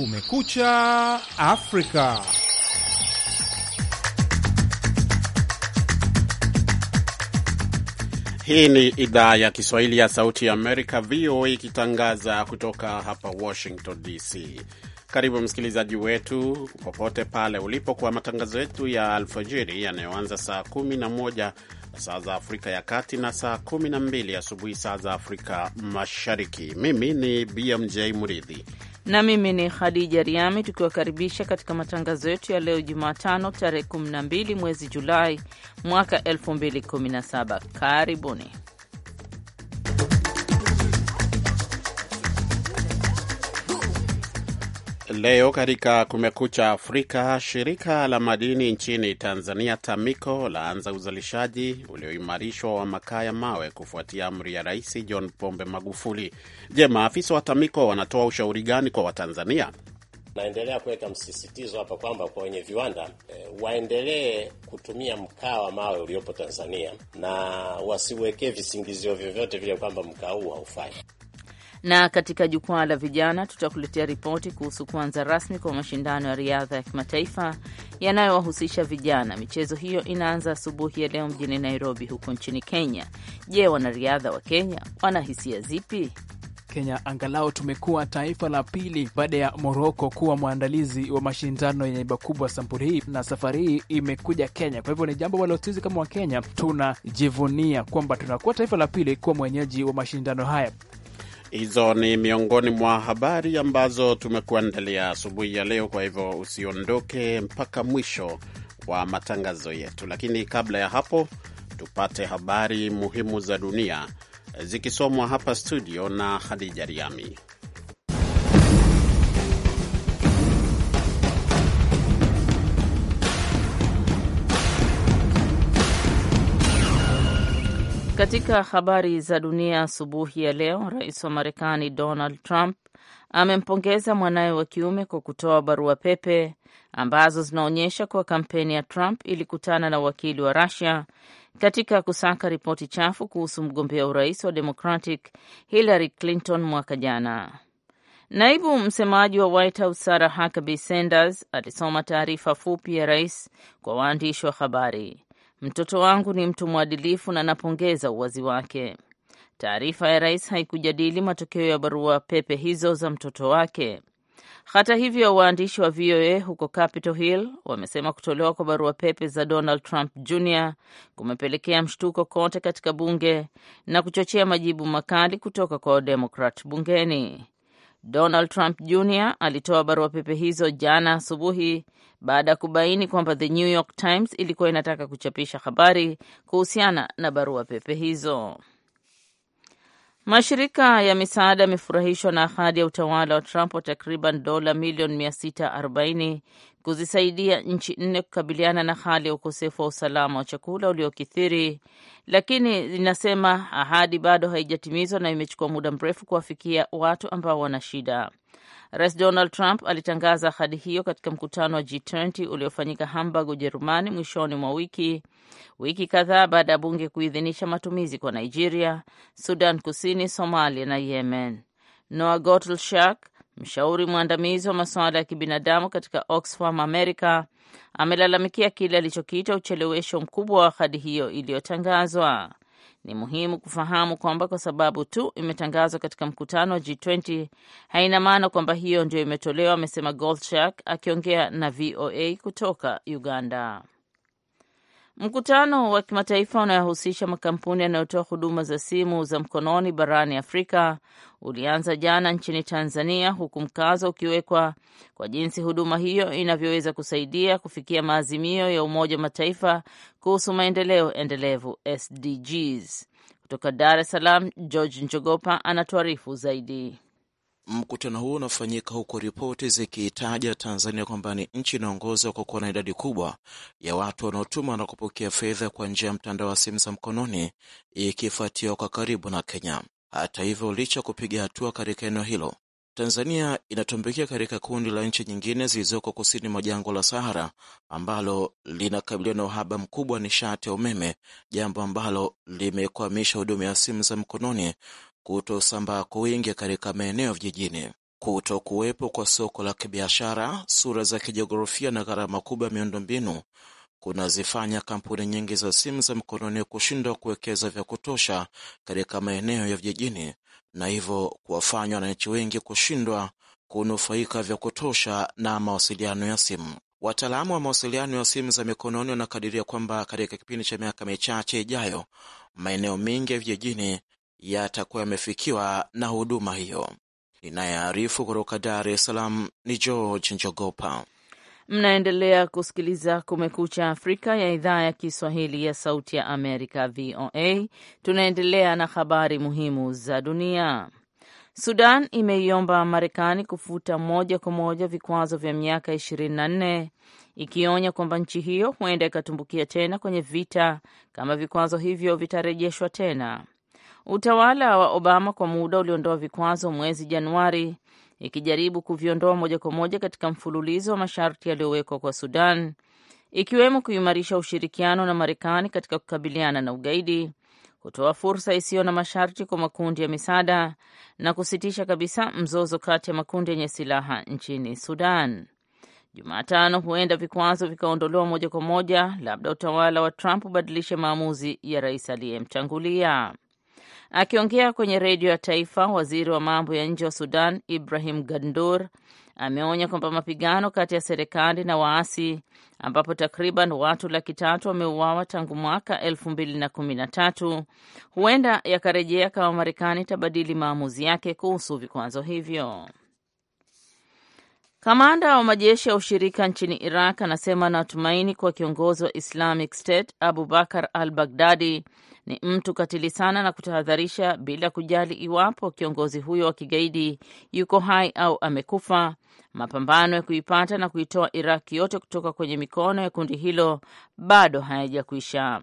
Kumekucha Afrika. Hii ni idhaa ya Kiswahili ya Sauti ya Amerika, VOA, ikitangaza kutoka hapa Washington DC. Karibu msikilizaji wetu popote pale ulipo kwa matangazo yetu ya alfajiri yanayoanza saa 11 saa za Afrika ya Kati na saa 12 asubuhi saa za Afrika Mashariki. Mimi ni BMJ Muridhi na mimi ni Khadija Riami, tukiwakaribisha katika matangazo yetu ya leo Jumatano tarehe 12 mwezi Julai mwaka 2017. Karibuni. Leo katika Kumekucha Afrika, shirika la madini nchini Tanzania, TAMICO, laanza uzalishaji ulioimarishwa wa makaa ya mawe kufuatia amri ya Rais John Pombe Magufuli. Je, maafisa wa TAMICO wanatoa ushauri gani kwa Watanzania? Naendelea kuweka msisitizo hapa kwamba kwa wenye viwanda e, waendelee kutumia mkaa wa mawe uliopo Tanzania na wasiwekee visingizio vyovyote vile kwamba mkaa huu haufai. Na katika jukwaa la vijana tutakuletea ripoti kuhusu kuanza rasmi kwa mashindano ya riadha ya kimataifa yanayowahusisha vijana. Michezo hiyo inaanza asubuhi ya leo mjini Nairobi, huko nchini Kenya. Je, wanariadha wa Kenya wana hisia zipi? Kenya angalau tumekuwa taifa la pili baada ya Moroko kuwa mwandalizi wa mashindano yenye iba kubwa sampuli hii, na safari hii imekuja Kenya. Kwa hivyo ni jambo ambalo sisi kama Wakenya tunajivunia kwamba tunakuwa taifa la pili kuwa mwenyeji wa mashindano haya. Hizo ni miongoni mwa habari ambazo tumekuandalia asubuhi ya leo. Kwa hivyo usiondoke mpaka mwisho wa matangazo yetu, lakini kabla ya hapo tupate habari muhimu za dunia zikisomwa hapa studio na Hadija Riami. Katika habari za dunia asubuhi ya leo, rais wa Marekani Donald Trump amempongeza mwanawe wa kiume kwa kutoa barua pepe ambazo zinaonyesha kuwa kampeni ya Trump ilikutana na wakili wa rusia katika kusaka ripoti chafu kuhusu mgombea urais wa Democratic Hillary Clinton mwaka jana. Naibu msemaji wa White House Sarah Huckabee Sanders alisoma taarifa fupi ya rais kwa waandishi wa habari. Mtoto wangu ni mtu mwadilifu na napongeza uwazi wake. Taarifa ya rais haikujadili matokeo ya barua pepe hizo za mtoto wake. Hata hivyo, waandishi wa VOA huko Capitol Hill wamesema kutolewa kwa barua pepe za Donald Trump Jr kumepelekea mshtuko kote katika bunge na kuchochea majibu makali kutoka kwa Wademokrat bungeni. Donald Trump Jr alitoa barua pepe hizo jana asubuhi baada ya kubaini kwamba The New York Times ilikuwa inataka kuchapisha habari kuhusiana na barua pepe hizo. Mashirika ya misaada yamefurahishwa na ahadi ya utawala wa Trump wa takriban dola milioni 640 kuzisaidia nchi nne kukabiliana na hali ya ukosefu wa usalama wa chakula uliokithiri, lakini inasema ahadi bado haijatimizwa na imechukua muda mrefu kuwafikia watu ambao wana shida. Rais Donald Trump alitangaza ahadi hiyo katika mkutano wa G20 uliofanyika Hamburg, Ujerumani, mwishoni mwa wiki, wiki kadhaa baada ya bunge kuidhinisha matumizi kwa Nigeria, Sudan Kusini, Somalia na Yemen. Noah Gottschalk Mshauri mwandamizi wa masuala ya kibinadamu katika Oxfam America amelalamikia kile alichokiita uchelewesho mkubwa wa ahadi hiyo iliyotangazwa. Ni muhimu kufahamu kwamba kwa sababu tu imetangazwa katika mkutano wa G20 haina maana kwamba hiyo ndio imetolewa, amesema Goldshak akiongea na VOA kutoka Uganda. Mkutano wa kimataifa unayohusisha makampuni yanayotoa huduma za simu za mkononi barani Afrika ulianza jana nchini Tanzania, huku mkazo ukiwekwa kwa jinsi huduma hiyo inavyoweza kusaidia kufikia maazimio ya Umoja wa Mataifa kuhusu maendeleo endelevu SDGs. Kutoka Dar es Salaam, George Njogopa anatuarifu zaidi. Mkutano huo unafanyika huku ripoti zikiitaja Tanzania kwamba ni nchi inaongoza kwa kuwa na idadi kubwa ya watu wanaotuma na kupokea fedha kwa njia ya mtandao wa simu za mkononi ikifuatiwa kwa karibu na Kenya. Hata hivyo, licha kupiga hatua katika eneo hilo, Tanzania inatumbukia katika kundi la nchi nyingine zilizoko kusini mwa jangwa la Sahara ambalo linakabiliwa na uhaba mkubwa wa nishati ya umeme, jambo ambalo limekwamisha huduma ya simu za mkononi kutosambaa kwa wingi katika maeneo vijijini, kuto kuwepo kwa soko la kibiashara, sura za kijiografia na gharama kubwa ya miundombinu kunazifanya kampuni nyingi za simu za mkononi kushindwa kuwekeza vya kutosha katika maeneo ya vijijini, na hivyo kuwafanya wananchi wengi kushindwa kunufaika vya kutosha na mawasiliano ya simu. Wataalamu wa mawasiliano ya simu za mikononi wanakadiria kwamba katika kipindi cha miaka michache ijayo, maeneo mengi ya vijijini yatakuwa yamefikiwa na huduma hiyo. Ninayearifu kutoka Dar es Salaam ni George Njogopa. Mnaendelea kusikiliza Kumekucha Afrika ya idhaa ya Kiswahili ya Sauti ya Amerika, VOA. Tunaendelea na habari muhimu za dunia. Sudan imeiomba Marekani kufuta moja kwa moja vikwazo vya miaka 24 ikionya kwamba nchi hiyo huenda ikatumbukia tena kwenye vita kama vikwazo hivyo vitarejeshwa tena. Utawala wa Obama kwa muda uliondoa vikwazo mwezi Januari, ikijaribu kuviondoa moja kwa moja katika mfululizo wa masharti yaliyowekwa kwa Sudan, ikiwemo kuimarisha ushirikiano na Marekani katika kukabiliana na ugaidi, kutoa fursa isiyo na masharti kwa makundi ya misaada na kusitisha kabisa mzozo kati ya makundi yenye silaha nchini Sudan. Jumatano huenda vikwazo vikaondolewa moja kwa moja, labda utawala wa Trump ubadilishe maamuzi ya rais aliyemtangulia. Akiongea kwenye redio ya taifa, waziri wa mambo ya nje wa Sudan Ibrahim Gandur ameonya kwamba mapigano kati ya serikali na waasi ambapo takriban watu laki tatu wameuawa tangu mwaka elfu mbili na kumi na tatu huenda yakarejea kama Marekani itabadili maamuzi yake kuhusu vikwazo hivyo. Kamanda wa majeshi ya ushirika nchini Iraq anasema anatumaini kuwa kiongozi wa Islamic State Abu Bakar al Baghdadi ni mtu katili sana na kutahadharisha, bila kujali iwapo kiongozi huyo wa kigaidi yuko hai au amekufa. Mapambano ya kuipata na kuitoa Iraq yote kutoka kwenye mikono ya kundi hilo bado hayajakwisha.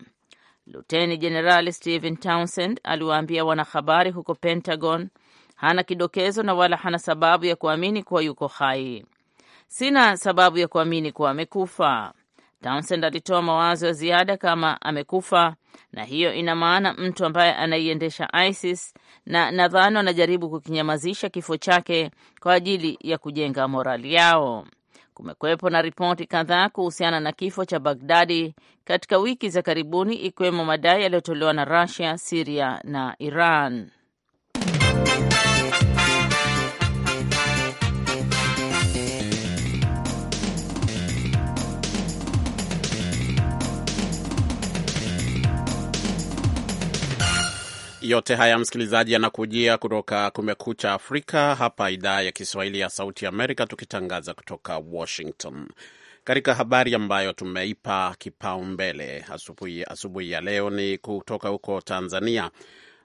Luteni Jenerali Stephen Townsend aliwaambia wanahabari huko Pentagon hana kidokezo na wala hana sababu ya kuamini kuwa yuko hai. Sina sababu ya kuamini kuwa amekufa. Townsend alitoa mawazo ya ziada kama amekufa, na hiyo ina maana mtu ambaye anaiendesha ISIS, na nadhani wanajaribu kukinyamazisha kifo chake kwa ajili ya kujenga morali yao. Kumekwepo na ripoti kadhaa kuhusiana na kifo cha Bagdadi katika wiki za karibuni, ikiwemo madai yaliyotolewa na Rusia, Siria na Iran. yote haya msikilizaji, yanakujia kutoka Kumekucha Afrika, hapa idhaa ya Kiswahili ya Sauti Amerika, tukitangaza kutoka Washington. Katika habari ambayo tumeipa kipaumbele asubuhi asubuhi ya leo ni kutoka huko Tanzania,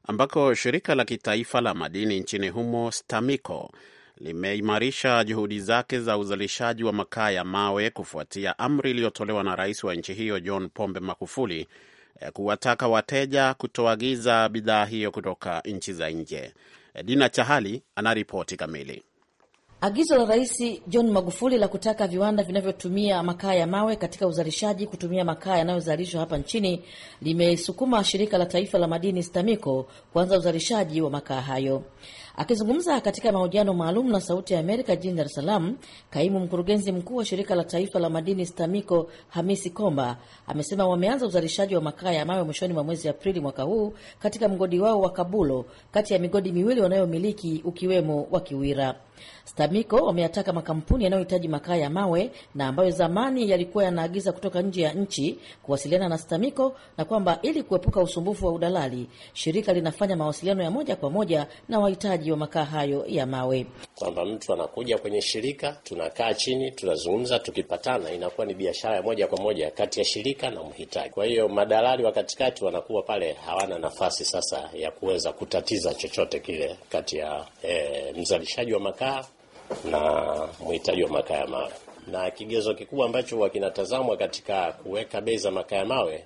ambako shirika la kitaifa la madini nchini humo STAMICO limeimarisha juhudi zake za uzalishaji wa makaa ya mawe kufuatia amri iliyotolewa na rais wa nchi hiyo John Pombe Magufuli Eh, kuwataka wateja kutoagiza bidhaa hiyo kutoka nchi za nje. Eh, Dina Chahali anaripoti kamili. Agizo la Rais John Magufuli la kutaka viwanda vinavyotumia makaa ya mawe katika uzalishaji kutumia makaa yanayozalishwa hapa nchini limesukuma shirika la taifa la madini STAMICO kuanza uzalishaji wa makaa hayo. Akizungumza katika mahojiano maalum na Sauti ya Amerika jijini Dar es Salaam, kaimu mkurugenzi mkuu wa shirika la taifa la madini STAMICO Hamisi Komba amesema wameanza uzalishaji wa makaa ya mawe mwishoni mwa mwezi Aprili mwaka huu katika mgodi wao wa Kabulo, kati ya migodi miwili wanayomiliki ukiwemo wa Kiwira. STAMICO wameyataka makampuni yanayohitaji makaa ya mawe na ambayo zamani yalikuwa yanaagiza kutoka nje ya nchi kuwasiliana na STAMICO na kwamba ili kuepuka usumbufu wa udalali, shirika linafanya mawasiliano ya moja kwa moja na wahitaji upatikanaji wa makaa hayo ya mawe, kwamba mtu anakuja kwenye shirika, tunakaa chini, tunazungumza, tukipatana inakuwa ni biashara ya moja kwa moja kati ya shirika na mhitaji. Kwa hiyo madalali wa katikati wanakuwa pale hawana nafasi sasa ya kuweza kutatiza chochote kile kati ya e, mzalishaji wa makaa na mhitaji wa makaa ya mawe na kigezo kikubwa ambacho huwa kinatazamwa katika kuweka bei za makaa ya mawe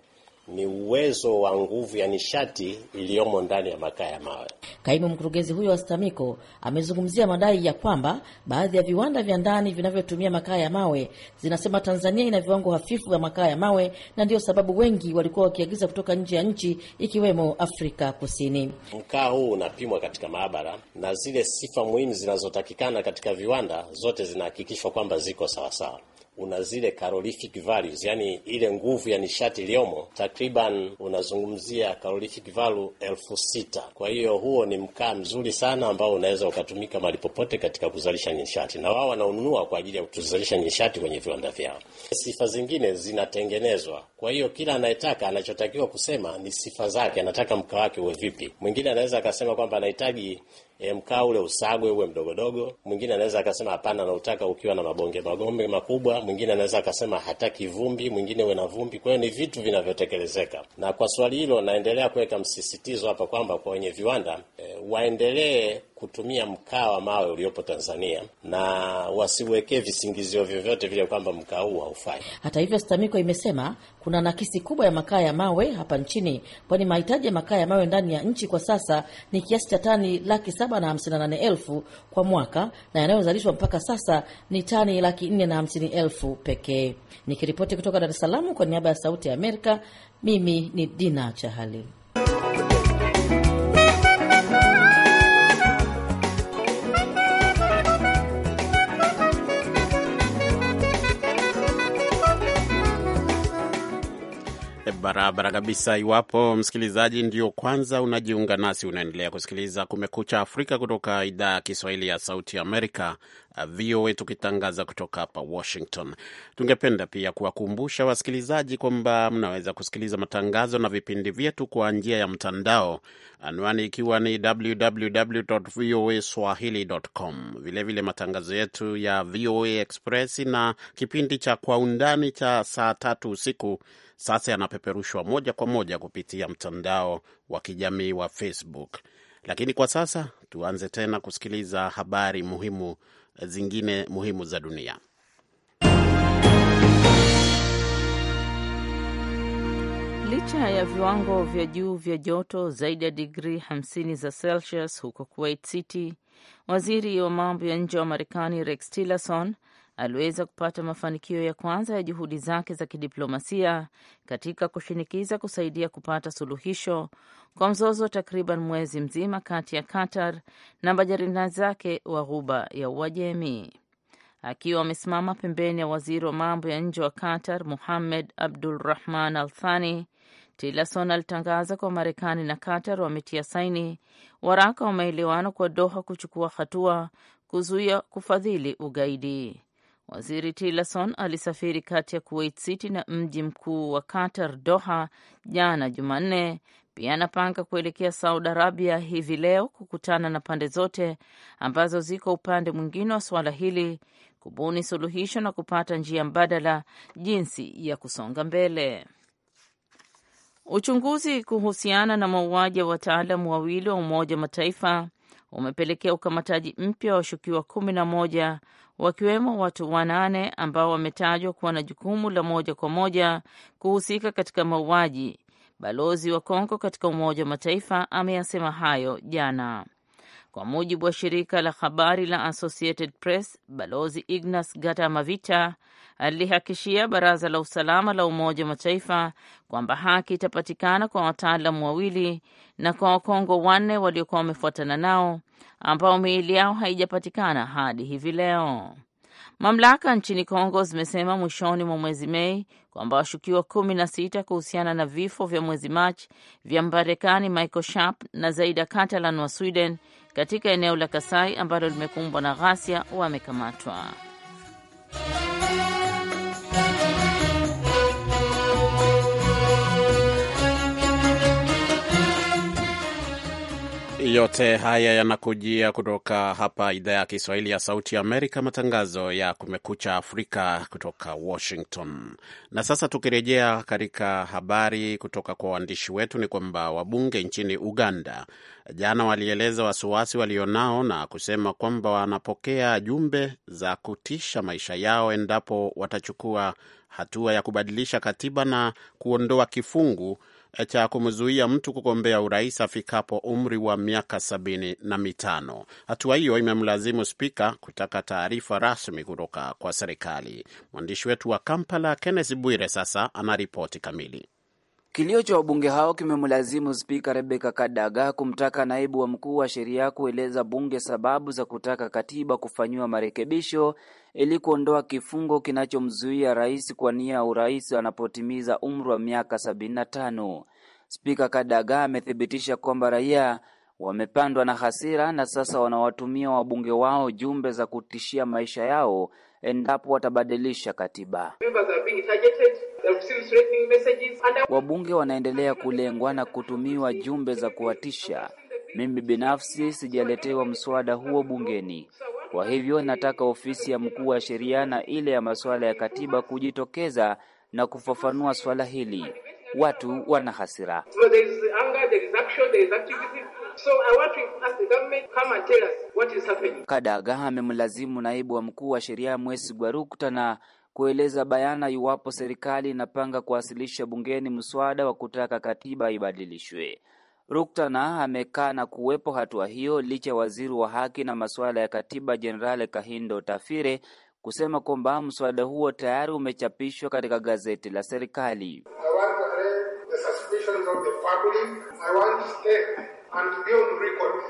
ni uwezo wa nguvu ya nishati iliyomo ndani ya makaa ya mawe. Kaimu mkurugenzi huyo wa STAMIKO amezungumzia madai ya kwamba baadhi ya viwanda vya ndani vinavyotumia makaa ya mawe zinasema Tanzania ina viwango hafifu vya makaa ya mawe, na ndiyo sababu wengi walikuwa wakiagiza kutoka nje ya nchi ikiwemo Afrika Kusini. Mkaa huu unapimwa katika maabara na zile sifa muhimu zinazotakikana katika viwanda zote zinahakikishwa kwamba ziko sawasawa sawa una zile calorific values, yani ile nguvu ya nishati iliyomo, takriban unazungumzia calorific value elfu sita. Kwa hiyo huo ni mkaa mzuri sana ambao unaweza ukatumika mahali popote katika kuzalisha nishati, na wao wanaununua kwa ajili ya kutuzalisha nishati kwenye viwanda vyao. Sifa zingine zinatengenezwa, kwa hiyo kila anayetaka anachotakiwa kusema ni sifa zake, anataka mkaa wake uwe vipi. Mwingine anaweza akasema kwamba anahitaji e, mkaa ule usagwe uwe mdogodogo. Mwingine anaweza akasema hapana, nautaka ukiwa na mabonge magombe makubwa. Mwingine anaweza akasema hataki vumbi, mwingine uwe na vumbi. Kwa hiyo ni vitu vinavyotekelezeka, na kwa swali hilo naendelea kuweka msisitizo hapa kwamba kwa wenye viwanda e, waendelee kutumia mkaa wa mawe uliopo Tanzania na wasiwekee visingizio vyovyote vile kwamba mkaa huu haufai. Hata hivyo, STAMIKO imesema kuna nakisi kubwa ya makaa ya mawe hapa nchini, kwani mahitaji ya makaa ya mawe ndani ya nchi kwa sasa ni kiasi cha tani laki saba na hamsini na nane elfu kwa mwaka na yanayozalishwa mpaka sasa ni tani laki nne na hamsini elfu pekee. Nikiripoti kutoka Dar es Salaam kwa niaba ya Sauti ya Amerika, mimi ni Dina Chahali. barabara kabisa. Iwapo msikilizaji ndio kwanza unajiunga nasi, unaendelea kusikiliza Kumekucha Afrika kutoka idhaa ya Kiswahili ya Sauti Amerika, uh, VOA, tukitangaza kutoka hapa Washington. Tungependa pia kuwakumbusha wasikilizaji kwamba mnaweza kusikiliza matangazo na vipindi vyetu kwa njia ya mtandao, anwani ikiwa ni www.voaswahili.com. Vilevile matangazo yetu ya VOA Express na kipindi cha Kwa Undani cha saa tatu usiku sasa yanapeperushwa moja kwa moja kupitia mtandao wa kijamii wa Facebook. Lakini kwa sasa tuanze tena kusikiliza habari muhimu zingine muhimu za dunia. Licha ya viwango vya juu vya joto zaidi ya digrii 50 za Celsius huko Kuwait City, waziri wa mambo ya nje wa Marekani Rex Tillerson aliweza kupata mafanikio ya kwanza ya juhudi zake za kidiplomasia katika kushinikiza kusaidia kupata suluhisho kwa mzozo wa takriban mwezi mzima kati ya Qatar na majirani zake wa Ghuba ya Uajemi. Akiwa amesimama pembeni ya waziri wa mambo ya nje wa Qatar, Muhammed Abdul Rahman Al Thani, Tillerson alitangaza kuwa Marekani na Qatar wametia saini waraka wa maelewano kwa Doha kuchukua hatua kuzuia kufadhili ugaidi. Waziri Tillerson alisafiri kati ya Kuwait City na mji mkuu wa Qatar, Doha, jana Jumanne. Pia anapanga kuelekea Saudi Arabia hivi leo kukutana na pande zote ambazo ziko upande mwingine wa suala hili kubuni suluhisho na kupata njia mbadala jinsi ya kusonga mbele. Uchunguzi kuhusiana na mauaji ya wataalamu wawili wa Umoja wa Mataifa umepelekea ukamataji mpya wa washukiwa kumi na moja wakiwemo watu wanane ambao wametajwa kuwa na jukumu la moja kwa moja kuhusika katika mauaji. Balozi wa Kongo katika Umoja wa Mataifa ameyasema hayo jana. Kwa mujibu wa shirika la habari la Associated Press, Balozi Ignas Gata Mavita alilihakishia Baraza la Usalama la Umoja wa Mataifa kwamba haki itapatikana kwa wataalamu wawili na kwa Wakongo wanne waliokuwa wamefuatana nao ambao miili yao haijapatikana hadi hivi leo. Mamlaka nchini Kongo zimesema mwishoni mwa mwezi Mei kwamba washukiwa kumi na sita kuhusiana na vifo vya mwezi Machi vya Marekani Michael Sharp na Zaida Catalan wa Sweden katika eneo la Kasai ambalo limekumbwa na ghasia wamekamatwa. Yote haya yanakujia kutoka hapa idhaa ya Kiswahili ya Sauti ya Amerika, matangazo ya Kumekucha Afrika kutoka Washington. Na sasa tukirejea katika habari kutoka kwa waandishi wetu, ni kwamba wabunge nchini Uganda jana walieleza wasiwasi walionao na kusema kwamba wanapokea jumbe za kutisha maisha yao endapo watachukua hatua ya kubadilisha katiba na kuondoa kifungu cha kumzuia mtu kugombea urais afikapo umri wa miaka sabini na mitano. Hatua hiyo imemlazimu spika kutaka taarifa rasmi kutoka kwa serikali. Mwandishi wetu wa Kampala, Kenneth Bwire, sasa anaripoti kamili. Kilio cha wabunge hao kimemlazimu Spika rebeka Kadaga kumtaka naibu wa mkuu wa sheria kueleza bunge sababu za kutaka katiba kufanyiwa marekebisho ili kuondoa kifungo kinachomzuia rais kwa ya urais anapotimiza umri wa miaka 75. Spika Kadaga amethibitisha kwamba raia wamepandwa na hasira na sasa wanawatumia wabunge wao jumbe za kutishia maisha yao endapo watabadilisha katiba. Wabunge wanaendelea kulengwa na kutumiwa jumbe za kuwatisha. Mimi binafsi sijaletewa mswada huo bungeni. Kwa hivyo nataka ofisi ya mkuu wa sheria na ile ya masuala ya katiba kujitokeza na kufafanua swala hili. Watu wana hasira. So there is anger, there is action, there is activity. So I want to ask the government come and tell us what is happening. Kadaga amemlazimu naibu wa mkuu wa sheria Mwesigwa Gwarukta na kueleza bayana iwapo serikali inapanga kuwasilisha bungeni mswada wa kutaka katiba ibadilishwe. amekaa na kuwepo hatua hiyo licha ya waziri wa haki na masuala ya katiba Jenerali Kahindo Tafire kusema kwamba mswada huo tayari umechapishwa katika gazeti la serikali. I want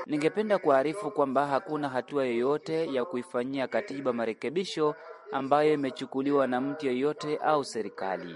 Ningependa kuarifu kwamba hakuna hatua yoyote ya kuifanyia katiba marekebisho ambayo imechukuliwa na mtu yeyote au serikali.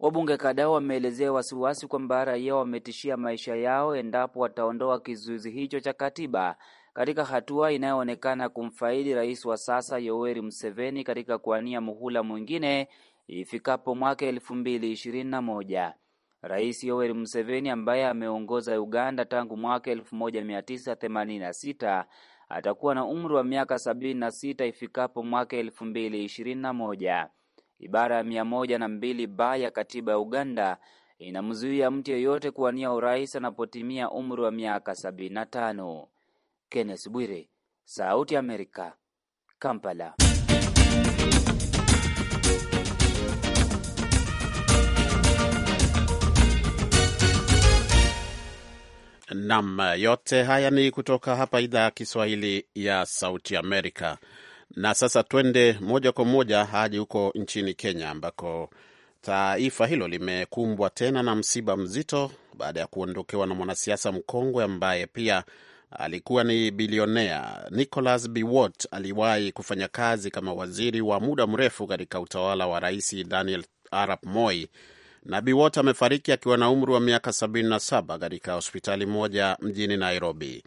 Wabunge kadhaa wameelezea wasiwasi kwamba raia wametishia maisha yao endapo wataondoa kizuizi hicho cha katiba katika hatua inayoonekana kumfaidi rais wa sasa Yoweri Museveni katika kuania muhula mwingine ifikapo mwaka elfu mbili ishirini na moja. Rais Yoweri Museveni ambaye ameongoza Uganda tangu mwaka 1986 atakuwa na umri wa miaka 76 ifikapo mwaka 2021. Ibara ya mia na mbili ba ya katiba ya Uganda inamzuia mtu yeyote kuwania urais anapotimia umri wa miaka 75. Kenneth Bwire, Sauti ya Amerika, Kampala. Nam, yote haya ni kutoka hapa idhaa ya Kiswahili ya Sauti Amerika. Na sasa twende moja kwa moja hadi huko nchini Kenya ambako taifa hilo limekumbwa tena na msiba mzito baada ya kuondokewa na mwanasiasa mkongwe ambaye pia alikuwa ni bilionea. Nicholas Biwott aliwahi kufanya kazi kama waziri wa muda mrefu katika utawala wa Rais Daniel Arap Moi Nabi Watt amefariki akiwa na umri wa miaka 77 katika hospitali moja mjini Nairobi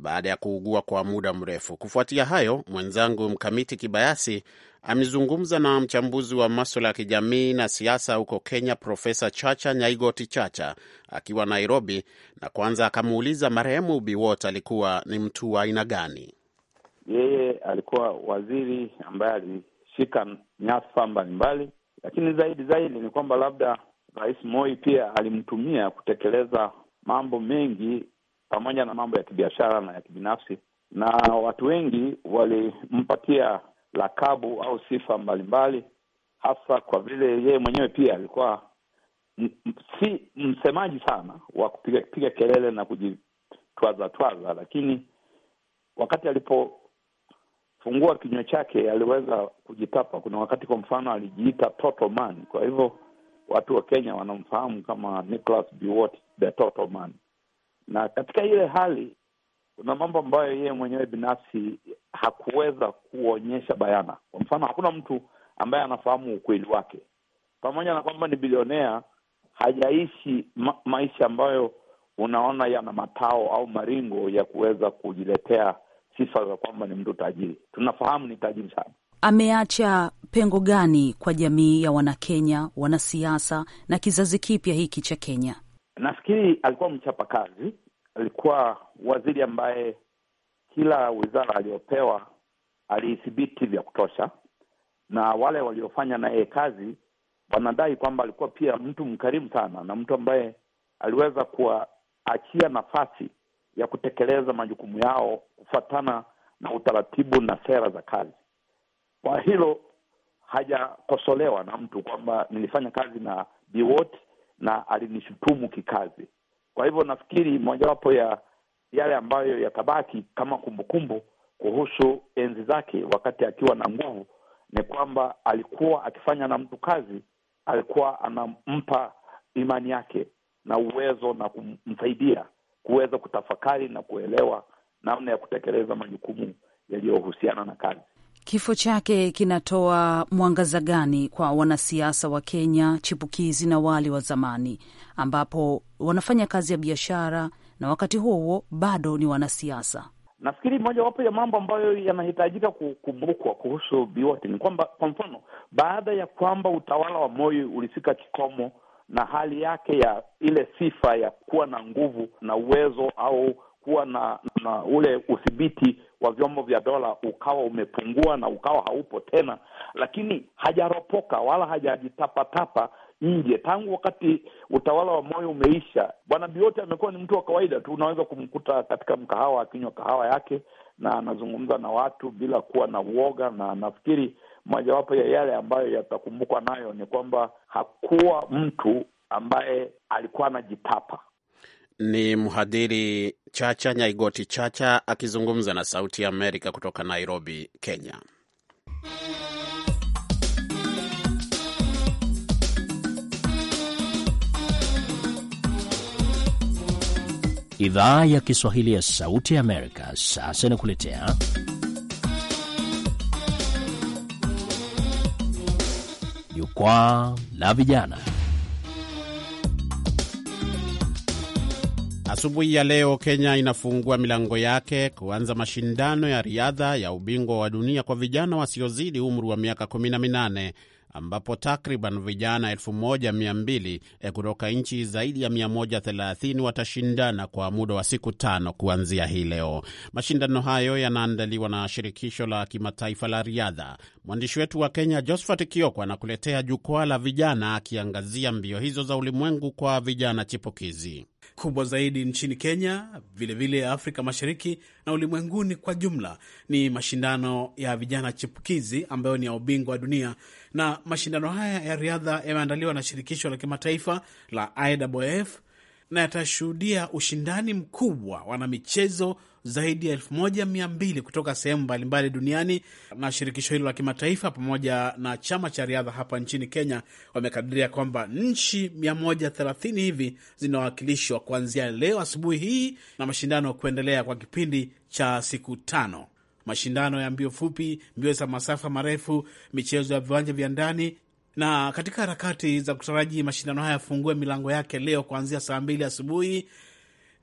baada ya kuugua kwa muda mrefu. Kufuatia hayo, mwenzangu Mkamiti Kibayasi amezungumza na mchambuzi wa maswala ya kijamii na siasa huko Kenya, Profesa Chacha Nyaigoti Chacha akiwa Nairobi, na kwanza akamuuliza marehemu Biwot alikuwa ni mtu wa aina gani. Yeye alikuwa waziri ambaye alishika nyadhifa mbalimbali, lakini zaidi zaidi ni kwamba labda Rais Moi pia alimtumia kutekeleza mambo mengi pamoja na mambo ya kibiashara na ya kibinafsi, na watu wengi walimpatia lakabu au sifa mbalimbali, hasa kwa vile yeye mwenyewe pia alikuwa si msemaji sana wa kupiga piga kelele na kujitwaza twaza, lakini wakati alipofungua kinywa chake aliweza kujitapa. Kuna wakati kwa mfano alijiita Toto Man, kwa hivyo watu wa Kenya wanamfahamu kama Nicholas Biwott the Total Man, na katika ile hali kuna mambo ambayo yeye mwenyewe binafsi hakuweza kuonyesha bayana. Kwa mfano, hakuna mtu ambaye anafahamu ukweli wake. Pamoja na kwamba ni bilionea, hajaishi ma maisha ambayo unaona yana matao au maringo ya kuweza kujiletea sifa za kwamba ni mtu tajiri. Tunafahamu ni tajiri sana, ameacha pengo gani kwa jamii ya Wanakenya, wanasiasa na kizazi kipya hiki cha Kenya? Nafikiri alikuwa mchapakazi, alikuwa waziri ambaye kila wizara aliyopewa aliithibiti vya kutosha, na wale waliofanya naye kazi wanadai kwamba alikuwa pia mtu mkarimu sana na mtu ambaye aliweza kuwaachia nafasi ya kutekeleza majukumu yao kufuatana na utaratibu na sera za kazi. Kwa hilo hajakosolewa na mtu kwamba nilifanya kazi na Biwot na alinishutumu kikazi. Kwa hivyo nafikiri mojawapo ya yale ambayo yatabaki kama kumbukumbu kuhusu enzi zake wakati akiwa na nguvu ni kwamba alikuwa akifanya na mtu kazi, alikuwa anampa imani yake na uwezo na kumsaidia kuweza kutafakari na kuelewa namna ya kutekeleza majukumu yaliyohusiana na kazi. Kifo chake kinatoa mwangaza gani kwa wanasiasa wa Kenya chipukizi na wale wa zamani, ambapo wanafanya kazi ya biashara na wakati huo huo bado ni wanasiasa? Nafikiri mojawapo ya mambo ambayo yanahitajika kukumbukwa kuhusu Bi ni kwamba, kwa mfano, baada ya kwamba utawala wa Moi ulifika kikomo na hali yake ya ile sifa ya kuwa na nguvu na uwezo au kuwa na, na ule udhibiti wa vyombo vya dola ukawa umepungua na ukawa haupo tena, lakini hajaropoka wala hajajitapatapa nje. Tangu wakati utawala wa Moi umeisha, Bwana bioti amekuwa ni mtu wa kawaida tu. Unaweza kumkuta katika mkahawa akinywa kahawa yake na anazungumza na watu bila kuwa na uoga, na nafikiri mojawapo ya yale ambayo yatakumbukwa nayo ni kwamba hakuwa mtu ambaye alikuwa anajitapa. Ni mhadhiri Chacha Nyaigoti Chacha akizungumza na Sauti ya Amerika kutoka Nairobi, Kenya. Idhaa ya Kiswahili ya Sauti ya Amerika sasa inakuletea Jukwaa la Vijana. Asubuhi ya leo Kenya inafungua milango yake kuanza mashindano ya riadha ya ubingwa wa dunia kwa vijana wasiozidi umri wa miaka 18 ambapo takriban vijana 1200 eh, kutoka nchi zaidi ya 130 watashindana kwa muda wa siku tano kuanzia hii leo. Mashindano hayo yanaandaliwa na shirikisho la kimataifa la riadha. Mwandishi wetu wa Kenya Josphat Kioko anakuletea jukwaa la vijana akiangazia mbio hizo za ulimwengu kwa vijana chipukizi kubwa zaidi nchini Kenya, vilevile vile Afrika Mashariki na ulimwenguni kwa jumla, ni mashindano ya vijana chipukizi ambayo ni ya ubingwa wa dunia. Na mashindano haya ya riadha yameandaliwa na shirikisho la kimataifa la IAAF na yatashuhudia ushindani mkubwa. Wana michezo zaidi ya elfu moja mia mbili kutoka sehemu mbalimbali duniani, na shirikisho hilo la kimataifa pamoja na chama cha riadha hapa nchini Kenya wamekadiria kwamba nchi 130 hivi zinawakilishwa kuanzia leo asubuhi hii na mashindano kuendelea kwa kipindi cha siku tano. Mashindano ya mbio fupi, mbio za masafa marefu, michezo ya viwanja vya ndani, na katika harakati za kutaraji mashindano haya yafungue milango yake leo kuanzia saa mbili asubuhi,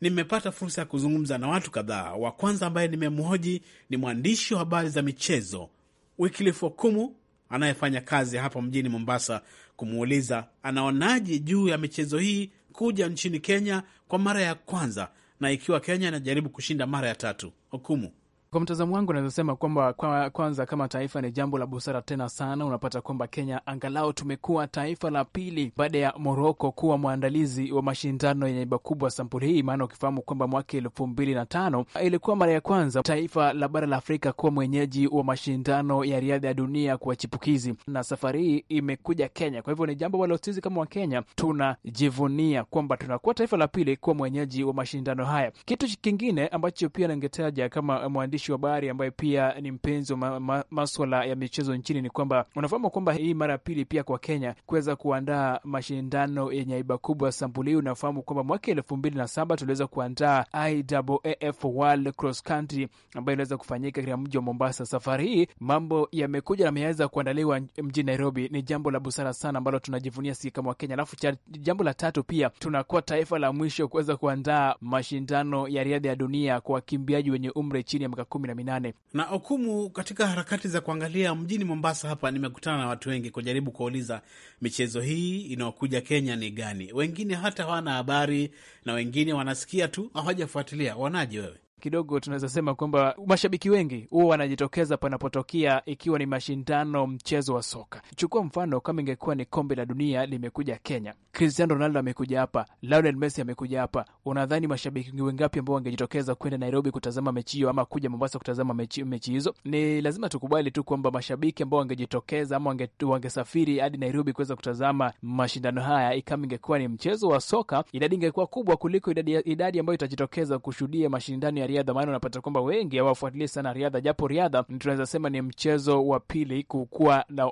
nimepata fursa ya kuzungumza na watu kadhaa. Wa kwanza ambaye nimemhoji ni mwandishi wa habari za michezo Wycliffe Okumu anayefanya kazi hapa mjini Mombasa, kumuuliza anaonaje juu ya michezo hii kuja nchini Kenya kwa mara ya kwanza na ikiwa Kenya inajaribu kushinda mara ya tatu. Okumu kwa mtazamo wangu naweza sema kwamba kwa, kwanza kama taifa ni jambo la busara tena sana. Unapata kwamba Kenya angalau tumekuwa taifa la pili baada ya Moroko kuwa mwandalizi wa mashindano yenye iba kubwa sampuli hii, maana ukifahamu kwamba mwaka elfu mbili na tano ilikuwa mara ya kwanza taifa la bara la Afrika kuwa mwenyeji wa mashindano ya riadha ya dunia kwa chipukizi, na safari hii imekuja Kenya. Kwa hivyo ni jambo ambalo sisi kama Wakenya tunajivunia kwamba tunakuwa taifa la pili kuwa mwenyeji wa mashindano haya. Kitu kingine ambacho pia ningetaja kama mwandishi mwandishi wa habari ambaye pia ni mpenzi wa ma ma maswala ya michezo nchini, ni kwamba unafahamu kwamba hii mara ya pili pia kwa Kenya kuweza kuandaa mashindano yenye aiba kubwa sampuli hii. Unafahamu kwamba mwaka elfu mbili na saba tuliweza kuandaa IAAF World Cross Country ambayo iliweza kufanyika katika mji wa Mombasa. Safari hii mambo yamekuja na ameweza kuandaliwa mjini Nairobi, ni jambo la busara sana ambalo tunajivunia sisi kama Wakenya. Alafu jambo la tatu pia tunakuwa taifa la mwisho kuweza kuandaa mashindano ya riadha ya dunia kwa wakimbiaji wenye umri chini ya miaka kumi na minane. Na hukumu katika harakati za kuangalia mjini Mombasa hapa, nimekutana na watu wengi kujaribu kuwauliza michezo hii inayokuja Kenya ni gani. Wengine hata hawana habari na wengine wanasikia tu hawajafuatilia. Wanaje wewe? kidogo tunaweza sema kwamba mashabiki wengi huwa wanajitokeza panapotokea ikiwa ni mashindano mchezo wa soka. Chukua mfano, kama ingekuwa ni kombe la dunia limekuja Kenya, Cristiano Ronaldo amekuja hapa, Lionel Messi amekuja hapa, unadhani mashabiki wengapi ambao wangejitokeza kwenda Nairobi kutazama mechi hiyo ama kuja Mombasa kutazama mechi, mechi hizo? Ni lazima tukubali tu kwamba mashabiki ambao wangejitokeza ama wangesafiri hadi Nairobi kuweza kutazama mashindano haya, kama ingekuwa ni mchezo wa soka, idadi ingekuwa kubwa kuliko idadi, idadi ambayo itajitokeza kushuhudia mashindano ya riadha, maana unapata kwamba wengi hawafuatilii sana riadha, japo riadha tunaweza sema ni mchezo wa pili kukuwa na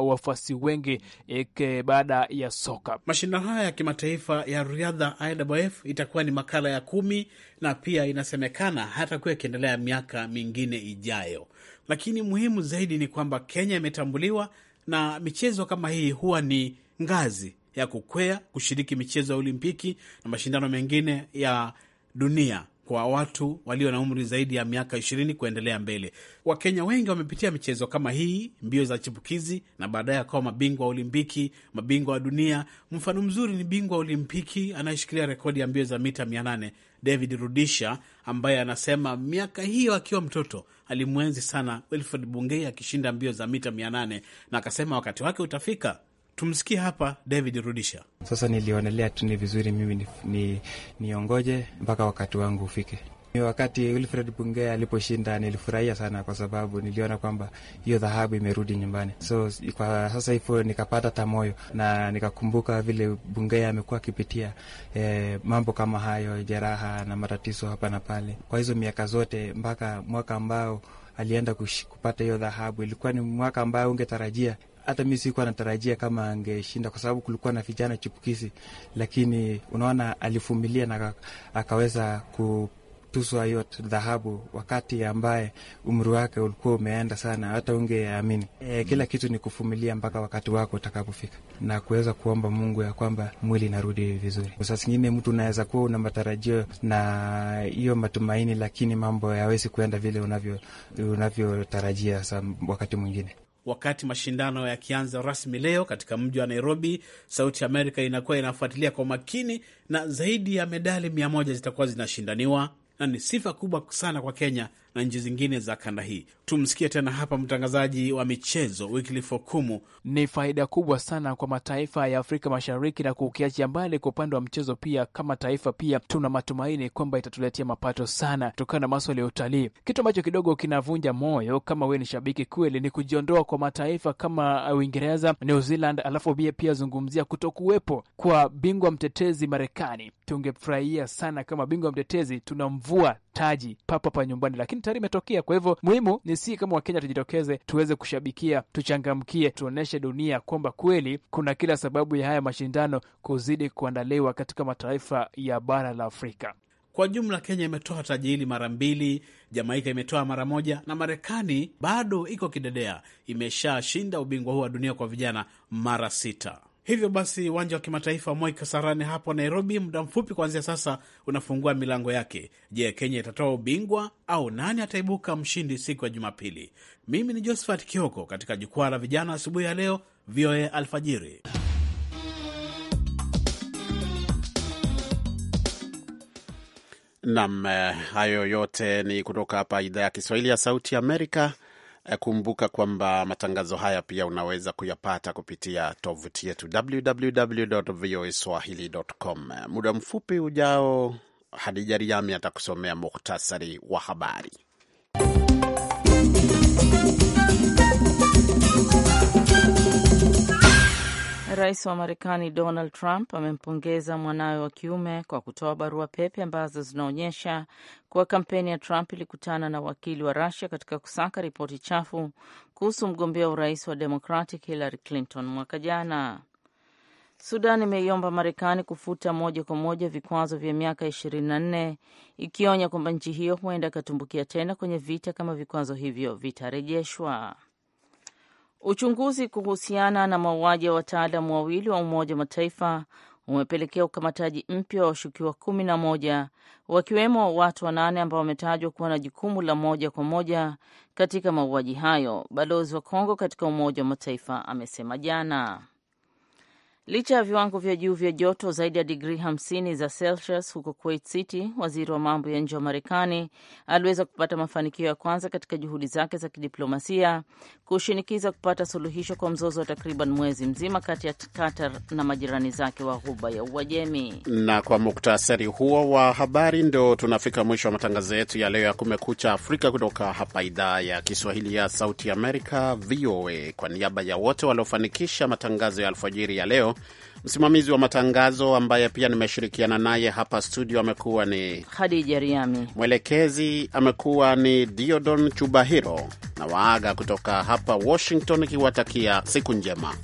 wafuasi wengi baada ya soka. Mashindano haya ya kimataifa ya riadha IAAF itakuwa ni makala ya kumi na pia inasemekana hatakuwa ikiendelea miaka mingine ijayo, lakini muhimu zaidi ni kwamba Kenya imetambuliwa na michezo kama hii huwa ni ngazi ya kukwea kushiriki michezo ya Olimpiki na mashindano mengine ya dunia kwa watu walio na umri zaidi ya miaka ishirini kuendelea mbele. Wakenya wengi wamepitia michezo kama hii, mbio za chipukizi, na baadaye akawa mabingwa wa Olimpiki, mabingwa wa dunia. Mfano mzuri ni bingwa wa Olimpiki anayeshikilia rekodi ya mbio za mita mia nane David Rudisha, ambaye anasema miaka hiyo akiwa mtoto alimwenzi sana Wilfred Bungei akishinda mbio za mita mia nane na akasema wakati wake utafika Tumsikie hapa David Rudisha. Sasa nilionelea tu ni vizuri mimi niongoje ni, ni mpaka wakati wangu ufike. Wakati Wilfred Bungea aliposhinda nilifurahia sana, kwa sababu niliona kwamba hiyo dhahabu imerudi nyumbani. So kwa sasa hivyo nikapata tamoyo na nikakumbuka vile Bungea amekuwa akipitia eh, mambo kama hayo, jeraha na matatizo hapa na pale, kwa hizo miaka zote mpaka mwaka ambao alienda kupata hiyo dhahabu. Ilikuwa ni mwaka ambayo ungetarajia hata mi sikuwa natarajia kama angeshinda, kwa sababu kulikuwa na vijana chipukizi, lakini unaona alivumilia na akaweza ku dhahabu, wakati ambaye umri wake ulikuwa umeenda sana, hata ungeamini. E, kila mm. kitu ni kuvumilia mpaka wakati wako utakapofika na kuweza kuomba Mungu ya kwamba mwili narudi vizuri. Saa zingine mtu unaweza kuwa una matarajio na hiyo matumaini, lakini mambo yawezi kuenda vile unavyotarajia unavyo sa wakati mwingine wakati mashindano yakianza rasmi leo katika mji wa Nairobi, Sauti Amerika inakuwa inafuatilia kwa makini, na zaidi ya medali mia moja zitakuwa zinashindaniwa na ni sifa kubwa sana kwa Kenya na nchi zingine za kanda hii. Tumsikie tena hapa mtangazaji wa michezo Wycliffe Okumu. Ni faida kubwa sana kwa mataifa ya Afrika Mashariki na kukiachia mbali kwa upande wa mchezo. Pia kama taifa pia tuna matumaini kwamba itatuletea mapato sana kutokana na maswala ya utalii. Kitu ambacho kidogo kinavunja moyo kama wewe ni shabiki kweli ni kujiondoa kwa mataifa kama Uingereza, New Zealand, alafu pia zungumzia kutokuwepo kwa bingwa mtetezi Marekani. Tungefurahia sana kama bingwa mtetezi tuna mvua taji papa pa nyumbani, lakini tayari imetokea. Kwa hivyo muhimu ni si kama Wakenya tujitokeze, tuweze kushabikia, tuchangamkie, tuonyeshe dunia kwamba kweli kuna kila sababu ya haya mashindano kuzidi kuandaliwa katika mataifa ya bara la Afrika. Kwa jumla Kenya imetoa taji hili mara mbili, Jamaika imetoa mara moja, na Marekani bado iko kidedea, imeshashinda ubingwa huu wa dunia kwa vijana mara sita. Hivyo basi uwanja wa kimataifa Moi Kasarani hapo Nairobi, muda mfupi kuanzia sasa, unafungua milango yake. Je, Kenya itatoa ubingwa au nani ataibuka mshindi siku ya Jumapili? Mimi ni Josephat Kioko katika jukwaa la vijana asubuhi ya leo, VOA Alfajiri. Nam, eh, hayo yote ni kutoka hapa idhaa ya Kiswahili ya Sauti Amerika kumbuka kwamba matangazo haya pia unaweza kuyapata kupitia tovuti yetu www.voaswahili.com. Muda mfupi ujao, Hadija Riami atakusomea muhtasari wa habari. Rais wa Marekani Donald Trump amempongeza mwanawe wa kiume kwa kutoa barua pepe ambazo zinaonyesha kuwa kampeni ya Trump ilikutana na wakili wa rasia katika kusaka ripoti chafu kuhusu mgombea wa urais wa Democratic Hillary Clinton mwaka jana. Sudan imeiomba Marekani kufuta moja kwa moja vikwazo vya miaka 24 ikionya kwamba nchi hiyo huenda ikatumbukia tena kwenye vita kama vikwazo hivyo vitarejeshwa. Uchunguzi kuhusiana na mauaji ya wataalamu wawili wa Umoja wa Mataifa umepelekea ukamataji mpya wa washukiwa kumi na moja wakiwemo watu wanane ambao wametajwa kuwa na jukumu la moja kwa moja katika mauaji hayo, balozi wa Kongo katika Umoja wa Mataifa amesema jana. Licha ya viwango vya juu vya joto zaidi ya digrii 50 za Celsius huko Kuwait City, waziri wa mambo ya nje wa Marekani aliweza kupata mafanikio ya kwanza katika juhudi zake za kidiplomasia kushinikiza kupata suluhisho kwa mzozo wa takriban mwezi mzima kati ya Qatar na majirani zake wa Ghuba ya Uajemi. Na kwa muktasari huo wa habari, ndo tunafika mwisho wa matangazo yetu ya leo ya Kumekucha Afrika kutoka hapa idhaa ya Kiswahili ya Sauti Amerika, VOA. Kwa niaba ya wote waliofanikisha matangazo ya alfajiri ya leo Msimamizi wa matangazo ambaye pia nimeshirikiana naye hapa studio amekuwa ni Hadija Riami, mwelekezi amekuwa ni Diodon Chubahiro, na waaga kutoka hapa Washington ikiwatakia siku njema.